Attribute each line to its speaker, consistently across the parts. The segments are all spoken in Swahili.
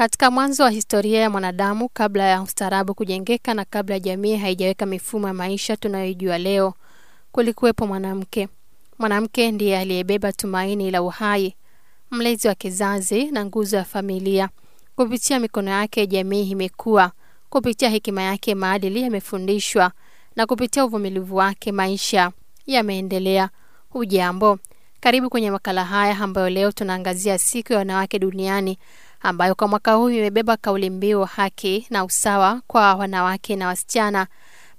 Speaker 1: Katika mwanzo wa historia ya mwanadamu, kabla ya ustaarabu kujengeka na kabla jamii haijaweka mifumo ya maisha tunayoijua leo, kulikuwepo mwanamke. Mwanamke ndiye aliyebeba tumaini la uhai, mlezi wa kizazi na nguzo ya familia. Kupitia mikono yake jamii imekuwa, kupitia hekima yake maadili yamefundishwa, na kupitia uvumilivu wake maisha yameendelea. Hujambo, karibu kwenye makala haya ambayo leo tunaangazia siku ya wanawake duniani ambayo kwa mwaka huu imebeba kauli mbiu haki na usawa kwa wanawake na wasichana,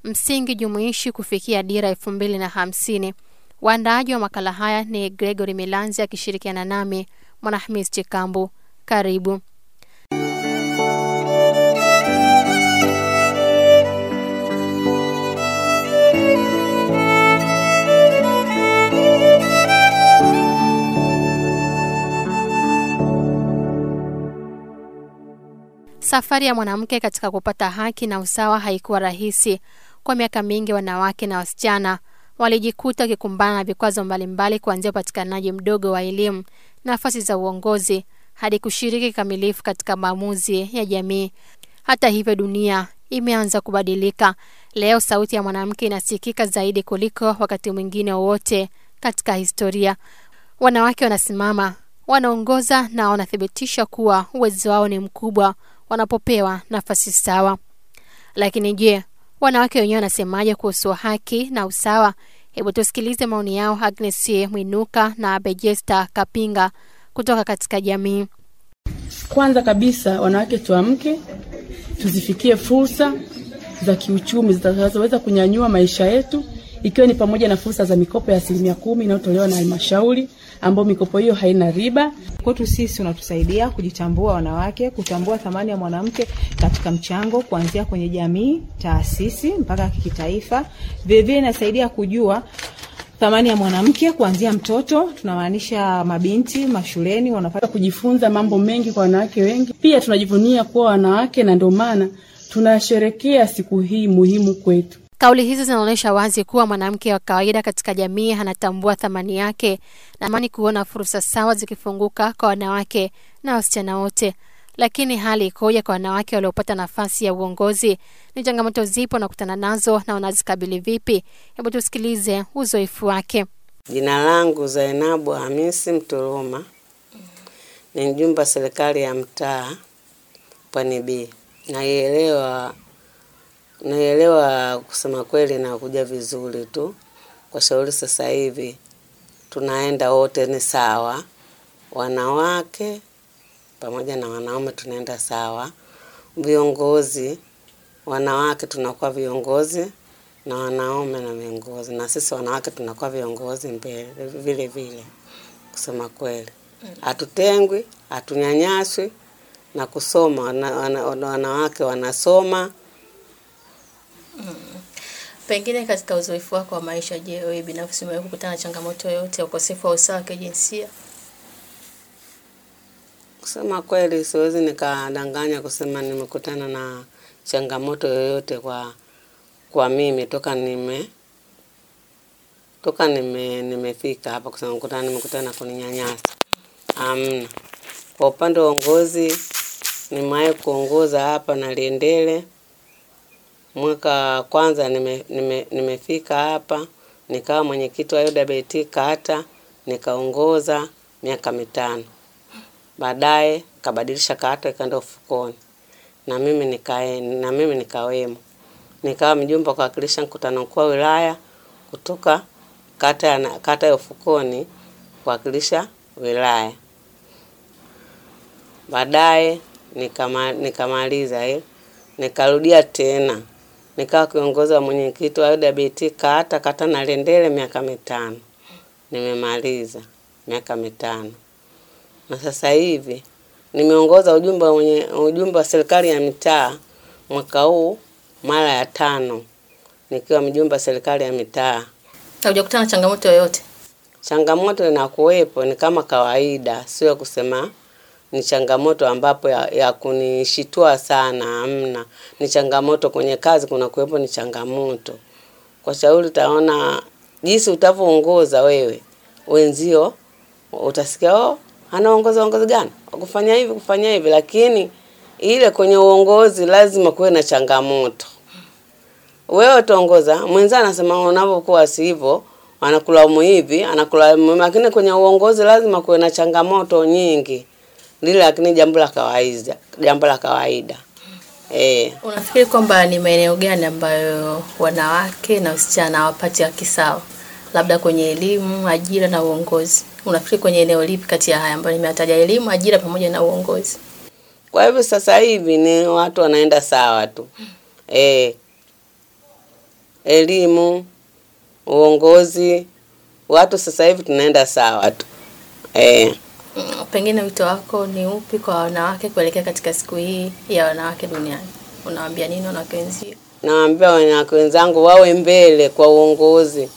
Speaker 1: msingi jumuishi kufikia dira elfu mbili na hamsini. Waandaaji wa makala haya ni Gregory Milanzi akishirikiana nami Mwanahamis Chikambu. Karibu. Safari ya mwanamke katika kupata haki na usawa haikuwa rahisi. Kwa miaka mingi, wanawake na wasichana walijikuta wakikumbana na vikwazo mbalimbali, kuanzia upatikanaji mdogo wa elimu, nafasi za uongozi, hadi kushiriki kikamilifu katika maamuzi ya jamii. Hata hivyo, dunia imeanza kubadilika. Leo sauti ya mwanamke inasikika zaidi kuliko wakati mwingine wowote katika historia. Wanawake wanasimama, wanaongoza na wanathibitisha kuwa uwezo wao ni mkubwa wanapopewa nafasi sawa. Lakini je, wanawake wenyewe wanasemaje kuhusu haki na usawa? Hebu tusikilize maoni yao Agnes Mwinuka na Bejesta Kapinga kutoka katika jamii. Kwanza kabisa,
Speaker 2: wanawake tuamke, tuzifikie fursa za kiuchumi zitakazoweza kunyanyua maisha yetu, ikiwa ni pamoja na fursa za mikopo ya asilimia kumi inayotolewa na halmashauri ambao mikopo hiyo haina riba. Kwetu sisi unatusaidia kujitambua wanawake, kutambua thamani ya mwanamke katika mchango kuanzia kwenye jamii, taasisi mpaka kitaifa. Vilevile inasaidia kujua thamani ya mwanamke kuanzia mtoto, tunamaanisha mabinti mashuleni, wanapata kujifunza mambo mengi kwa wanawake wengi. Pia tunajivunia kuwa wanawake, na ndio maana tunasherekea siku hii muhimu kwetu.
Speaker 1: Kauli hizi zinaonyesha wazi kuwa mwanamke wa kawaida katika jamii anatambua thamani yake na amani kuona fursa sawa zikifunguka kwa wanawake na wasichana wote. Lakini hali ikoje kwa wanawake waliopata nafasi ya uongozi? Ni changamoto zipo kutana nazo na wanazikabili vipi? Hebu tusikilize uzoefu wake.
Speaker 3: Jina langu Zainabu Hamisi Mturuma, ni mjumba serikali ya mtaa Pwani B. Naielewa Naelewa kusema kweli, nakuja vizuri tu kwa shauri. Sasa hivi tunaenda wote ni sawa, wanawake pamoja na wanaume tunaenda sawa. Viongozi wanawake tunakuwa viongozi na wanaume na viongozi, na sisi wanawake tunakuwa viongozi mbele vile vile. Kusema kweli, hatutengwi, hatunyanyaswi na kusoma, wanawake wanasoma
Speaker 1: Pengine katika uzoefu wako wa maisha, je, wewe binafsi umewahi kukutana na changamoto yoyote ya ukosefu wa usawa wa kijinsia?
Speaker 3: Kusema kweli, siwezi nikadanganya kusema nimekutana na changamoto yoyote kwa kwa mimi toka nime toka nime nimefika hapa kusema kutana nimekutana na kuninyanyasa. Amna. Kwa upande wa uongozi nimewahi kuongoza hapa na liendele Mwaka wa kwanza nime, nime, nimefika hapa nikawa mwenyekiti wa UWT kata, nikaongoza miaka mitano. Baadaye kabadilisha kata ikaenda ufukoni, na mimi nikae, na mimi nikawemo, nikawa mjumbe wa kuwakilisha mkutano mkuu wa wilaya kutoka kata ya kata ya Ufukoni kuwakilisha wilaya. Baadaye nikama, nikamaliza eh, nikarudia tena nikawa kiongozi wa mwenyekiti wa UWT kata kata na Lendele miaka mitano, nimemaliza miaka mitano na sasa hivi nimeongoza ujumbe wa mwenye ujumbe wa serikali ya mitaa mwaka huu mara ya tano nikiwa mjumbe wa serikali ya mitaa. Haujakutana changamoto yoyote? Changamoto inakuwepo ni kama kawaida, sio kusema ni changamoto ambapo ya, ya kunishitua sana amna Ni changamoto kwenye kazi, kuna kuwepo ni changamoto kwa shauri, utaona jinsi utavyoongoza wewe, wenzio utasikia oh, anaongoza uongozi gani kufanya hivi kufanya hivi, lakini ile kwenye uongozi lazima kuwe na changamoto. Wewe utaongoza mwenza, anasema unavyokuwa si hivyo, anakulaumu hivi, anakulaumu, lakini kwenye uongozi lazima kuwe na changamoto nyingi ndilo, lakini jambo la kawaida, jambo la kawaida. Eh,
Speaker 1: unafikiri kwamba ni maeneo gani ambayo wanawake na wasichana hawapati haki sawa, labda kwenye elimu, ajira na uongozi? Unafikiri kwenye eneo lipi kati ya haya ambayo nimeyataja, elimu, ajira pamoja na uongozi?
Speaker 3: Kwa hivyo sasa hivi ni watu wanaenda sawa tu eh, elimu, uongozi, watu sasa hivi tunaenda sawa tu eh. Eh,
Speaker 1: pengine wito wako ni upi kwa wanawake kuelekea katika siku hii ya wanawake duniani? Unawaambia nini wanawake wenzio?
Speaker 3: Nawaambia wanawake wenzangu wawe mbele kwa uongozi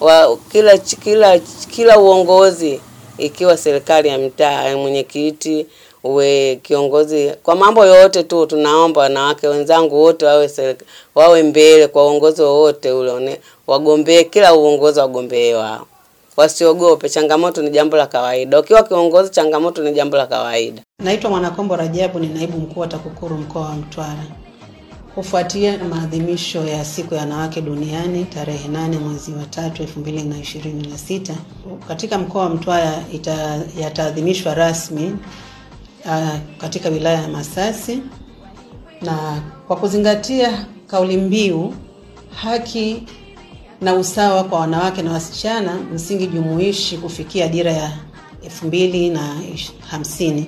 Speaker 3: wa kila kila kila uongozi, ikiwa serikali ya mtaa, mwenyekiti, uwe kiongozi, kwa mambo yote tu, tunaomba wanawake wenzangu wote wawe serika, wawe mbele kwa uongozi wowote ule, wagombee kila uongozi, wagombee wao wasiogope. Changamoto ni jambo la kawaida. Ukiwa kiongozi, changamoto ni jambo la kawaida.
Speaker 2: Naitwa Mwanakombo Rajabu, ni naibu mkuu wa TAKUKURU mkoa wa Mtwara. Kufuatia maadhimisho ya siku ya wanawake duniani tarehe nane mwezi wa tatu elfu mbili na ishirini na sita katika mkoa wa Mtwara yataadhimishwa rasmi uh, katika wilaya ya Masasi na kwa kuzingatia kauli mbiu haki na usawa kwa wanawake na wasichana msingi jumuishi kufikia dira ya 2050.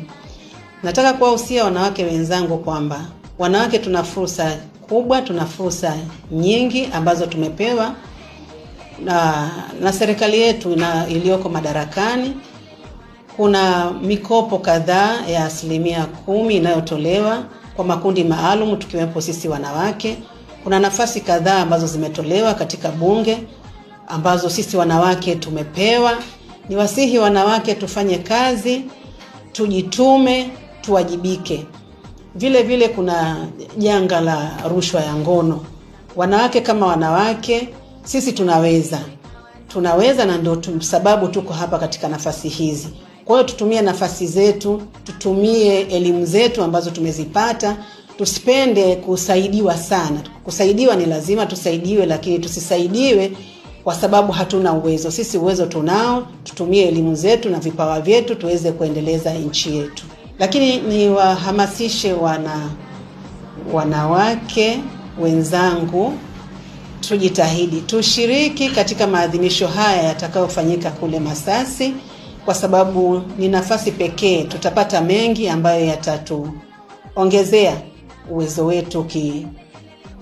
Speaker 2: Nataka kuwahusia wanawake wenzangu kwamba wanawake tuna fursa kubwa, tuna fursa nyingi ambazo tumepewa na, na serikali yetu na iliyoko madarakani. Kuna mikopo kadhaa ya asilimia kumi inayotolewa kwa makundi maalum tukiwepo sisi wanawake kuna nafasi kadhaa ambazo zimetolewa katika bunge ambazo sisi wanawake tumepewa. Ni wasihi wanawake tufanye kazi, tujitume, tuwajibike. Vile vile kuna janga la rushwa ya ngono. Wanawake kama wanawake, sisi tunaweza, tunaweza, na ndio sababu tuko hapa katika nafasi hizi. Kwa hiyo tutumie nafasi zetu, tutumie elimu zetu ambazo tumezipata tusipende kusaidiwa sana. Kusaidiwa ni lazima tusaidiwe, lakini tusisaidiwe kwa sababu hatuna uwezo. Sisi uwezo tunao, tutumie elimu zetu na vipawa vyetu tuweze kuendeleza nchi yetu. Lakini niwahamasishe wana wanawake wenzangu, tujitahidi tushiriki katika maadhimisho haya yatakayofanyika kule Masasi, kwa sababu ni nafasi pekee tutapata mengi ambayo yatatuongezea uwezo wetu ki,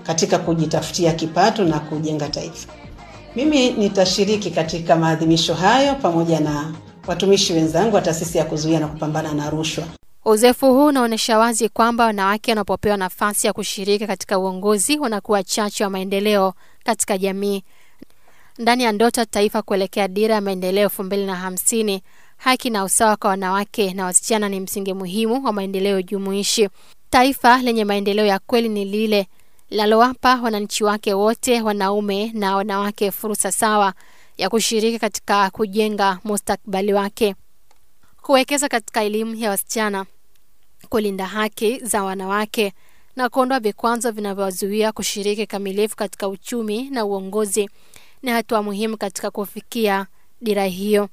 Speaker 2: katika kujitafutia kipato na kujenga taifa. Mimi nitashiriki katika maadhimisho hayo pamoja na watumishi wenzangu wa taasisi ya kuzuia na kupambana na rushwa.
Speaker 1: Uzoefu huu unaonyesha wazi kwamba wanawake wanapopewa nafasi ya kushiriki katika uongozi wanakuwa chachu wa maendeleo katika jamii. Ndani ya ndoto taifa kuelekea dira ya maendeleo elfu mbili na hamsini, haki na usawa kwa wanawake na wasichana ni msingi muhimu wa maendeleo jumuishi. Taifa lenye maendeleo ya kweli ni lile linalowapa wananchi wake wote, wanaume na wanawake, fursa sawa ya kushiriki katika kujenga mustakbali wake. Kuwekeza katika elimu ya wasichana, kulinda haki za wanawake na kuondoa vikwazo vinavyowazuia kushiriki kamilifu katika uchumi na uongozi ni hatua muhimu katika kufikia dira hiyo.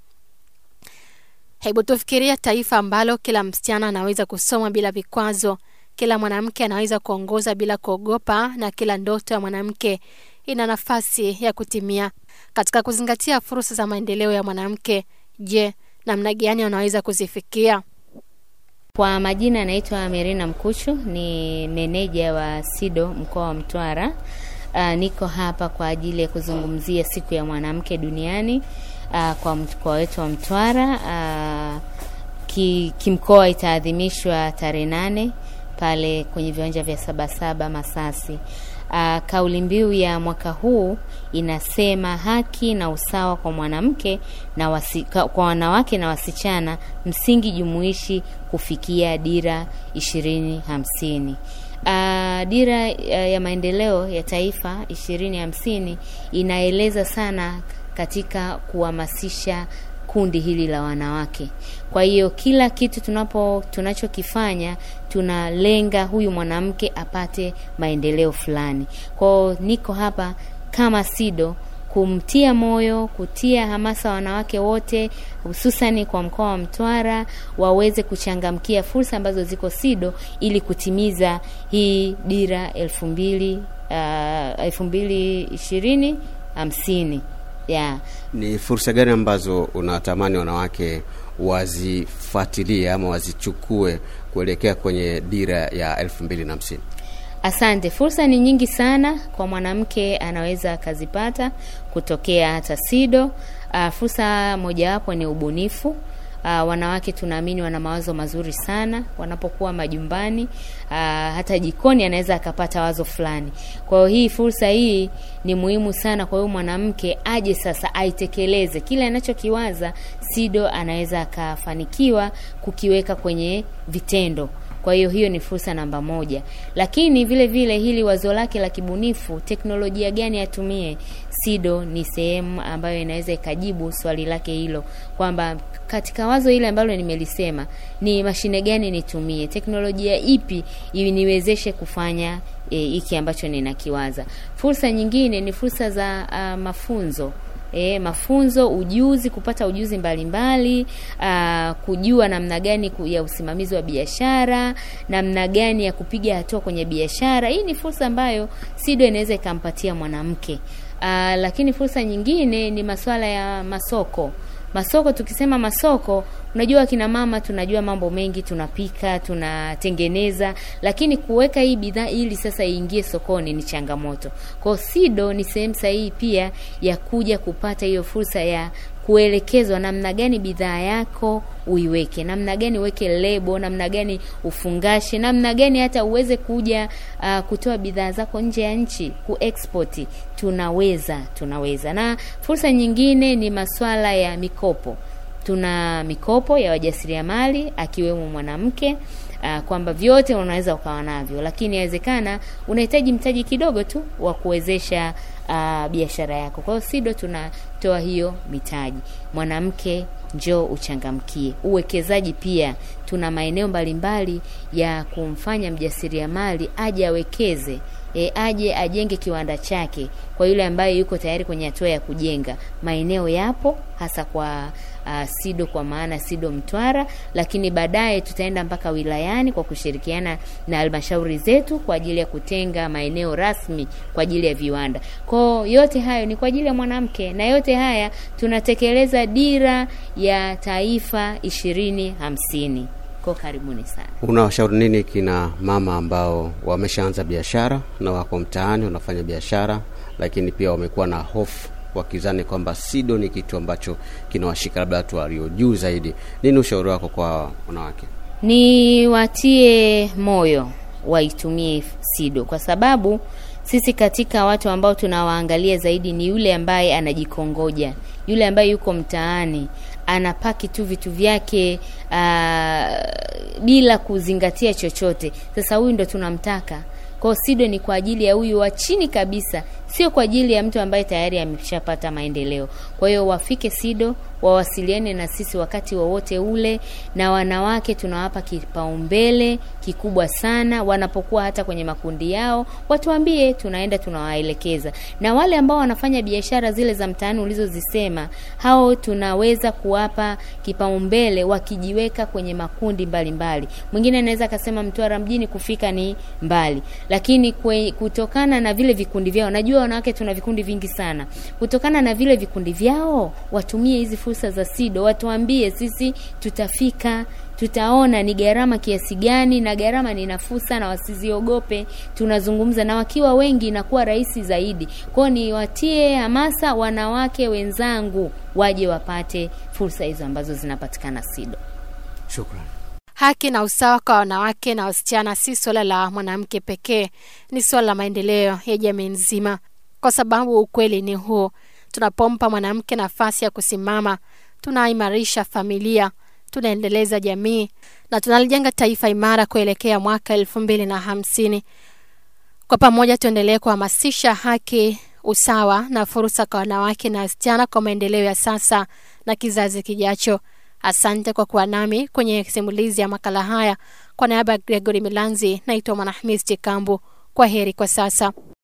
Speaker 1: Hebu tufikiria taifa ambalo kila msichana anaweza kusoma bila vikwazo. Kila mwanamke anaweza kuongoza bila kuogopa na kila ndoto ya mwanamke ina nafasi ya kutimia. Katika kuzingatia fursa za maendeleo ya mwanamke, je,
Speaker 4: namna gani wanaweza
Speaker 1: kuzifikia?
Speaker 4: Kwa majina anaitwa Merina Mkuchu, ni meneja wa SIDO mkoa wa Mtwara. Uh, niko hapa kwa ajili ya kuzungumzia siku ya mwanamke duniani uh, kwa mkoa wetu wa Mtwara. Uh, kimkoa ki itaadhimishwa tarehe nane pale kwenye viwanja vya Sabasaba Masasi. Uh, kauli mbiu ya mwaka huu inasema haki na usawa kwa mwanamke na wasi, kwa wanawake na wasichana msingi jumuishi kufikia dira ishirini hamsini. Uh, dira uh, ya maendeleo ya taifa ishirini hamsini inaeleza sana katika kuhamasisha kundi hili la wanawake. Kwa hiyo kila kitu tunapo tunachokifanya tunalenga huyu mwanamke apate maendeleo fulani. Kwao niko hapa kama SIDO kumtia moyo, kutia hamasa wanawake wote hususani kwa mkoa wa Mtwara waweze kuchangamkia fursa ambazo ziko SIDO ili kutimiza hii dira elfu mbili uh, elfu mbili ishirini hamsini yeah.
Speaker 3: Ni fursa gani ambazo unatamani wanawake wazifuatilie ama wazichukue kuelekea kwenye dira ya elfu mbili na hamsini?
Speaker 4: Asante. Fursa ni nyingi sana kwa mwanamke, anaweza akazipata kutokea hata SIDO. Uh, fursa mojawapo ni ubunifu Uh, wanawake tunaamini wana mawazo mazuri sana wanapokuwa majumbani. Uh, hata jikoni anaweza akapata wazo fulani. Kwa hiyo hii fursa hii ni muhimu sana kwa huyo mwanamke, aje sasa aitekeleze kile anachokiwaza. SIDO anaweza akafanikiwa kukiweka kwenye vitendo. Kwa hiyo hiyo ni fursa namba moja, lakini vile vile hili wazo lake la kibunifu, teknolojia gani atumie, SIDO ni sehemu ambayo inaweza ikajibu swali lake hilo kwamba katika wazo ile ambalo nimelisema ni mashine gani nitumie, teknolojia ipi niwezeshe kufanya eh, hiki e, ambacho ninakiwaza. Fursa nyingine ni fursa za uh, mafunzo E, mafunzo, ujuzi, kupata ujuzi mbalimbali mbali, kujua namna gani ya usimamizi wa biashara, namna gani ya kupiga hatua kwenye biashara. Hii ni fursa ambayo SIDO inaweza ikampatia mwanamke. Lakini fursa nyingine ni masuala ya masoko Masoko, tukisema masoko, unajua kina mama tunajua mambo mengi, tunapika, tunatengeneza, lakini kuweka hii bidhaa ili sasa iingie sokoni ni changamoto. kwao SIDO ni sehemu sahihi pia ya kuja kupata hiyo fursa ya kuelekezwa namna gani bidhaa yako uiweke, namna gani uweke lebo, namna gani ufungashe, namna gani hata uweze kuja uh, kutoa bidhaa zako nje ya nchi kuexport. Tunaweza, tunaweza. Na fursa nyingine ni masuala ya mikopo. Tuna mikopo ya wajasiriamali akiwemo mwanamke uh, kwamba vyote unaweza ukawa navyo, lakini inawezekana unahitaji mtaji kidogo tu wa kuwezesha uh, biashara yako. Kwa hiyo SIDO tunatoa hiyo mitaji. Mwanamke njoo uchangamkie. Uwekezaji pia tuna maeneo mbalimbali ya kumfanya mjasiriamali aje awekeze e, aje ajenge kiwanda chake kwa yule ambaye yuko tayari kwenye hatua ya kujenga. Maeneo yapo hasa kwa uh, SIDO kwa maana SIDO Mtwara, lakini baadaye tutaenda mpaka wilayani kwa kushirikiana na halmashauri zetu kwa ajili ya kutenga maeneo rasmi kwa ajili ya viwanda. Kwa yote hayo ni kwa ajili ya mwanamke, na yote haya tunatekeleza dira ya taifa ishirini hamsini. Kwa karibuni sana.
Speaker 3: Unawashauri nini kina mama ambao wameshaanza biashara na wako mtaani wanafanya biashara, lakini pia wamekuwa na hofu wakizani kwamba SIDO ni kitu ambacho kinawashika labda watu walio juu zaidi? Nini ushauri wako kwa wanawake?
Speaker 4: Ni watie moyo waitumie SIDO kwa sababu sisi katika watu ambao tunawaangalia zaidi ni yule ambaye anajikongoja, yule ambaye yuko mtaani, anapaki tu vitu vyake ah, bila kuzingatia chochote. Sasa huyu ndo tunamtaka kwao. SIDO ni kwa ajili ya huyu wa chini kabisa, sio kwa ajili ya mtu ambaye tayari ameshapata maendeleo. Kwa hiyo wafike SIDO wawasiliane na sisi wakati wowote wa ule, na wanawake tunawapa kipaumbele kikubwa sana wanapokuwa hata kwenye makundi yao, watuambie, tunaenda tunawaelekeza. Na wale ambao wanafanya biashara zile za mtaani ulizozisema, hao tunaweza kuwapa kipaumbele wakijiweka kwenye makundi mbalimbali. Mwingine anaweza akasema Mtwara mjini kufika ni mbali, lakini kwe, kutokana na vile vikundi vyao, najua wanawake tuna vikundi vingi sana, kutokana na vile vikundi vyao watumie hizi fursa za SIDO watuambie sisi, tutafika tutaona ni gharama kiasi gani, na gharama ni nafuu sana, wasiziogope. Tunazungumza na wakiwa wengi, inakuwa rahisi zaidi. Kwao ni watie hamasa wanawake wenzangu, waje wapate fursa hizo ambazo zinapatikana SIDO. Shukrani. Haki na usawa kwa wanawake na wasichana si suala
Speaker 1: la mwanamke pekee, ni suala la maendeleo ya jamii nzima, kwa sababu ukweli ni huo tunapompa mwanamke nafasi ya kusimama, tunaimarisha familia, tunaendeleza jamii na tunalijenga taifa imara kuelekea mwaka elfu mbili na hamsini. Kwa pamoja tuendelee kuhamasisha haki, usawa na fursa kwa wanawake na wasichana kwa maendeleo ya sasa na kizazi kijacho. Asante kwa kuwa nami kwenye simulizi ya makala haya. Kwa niaba ya Gregory Milanzi, naitwa Mwanahamisi Chikambu. Kwa heri kwa sasa.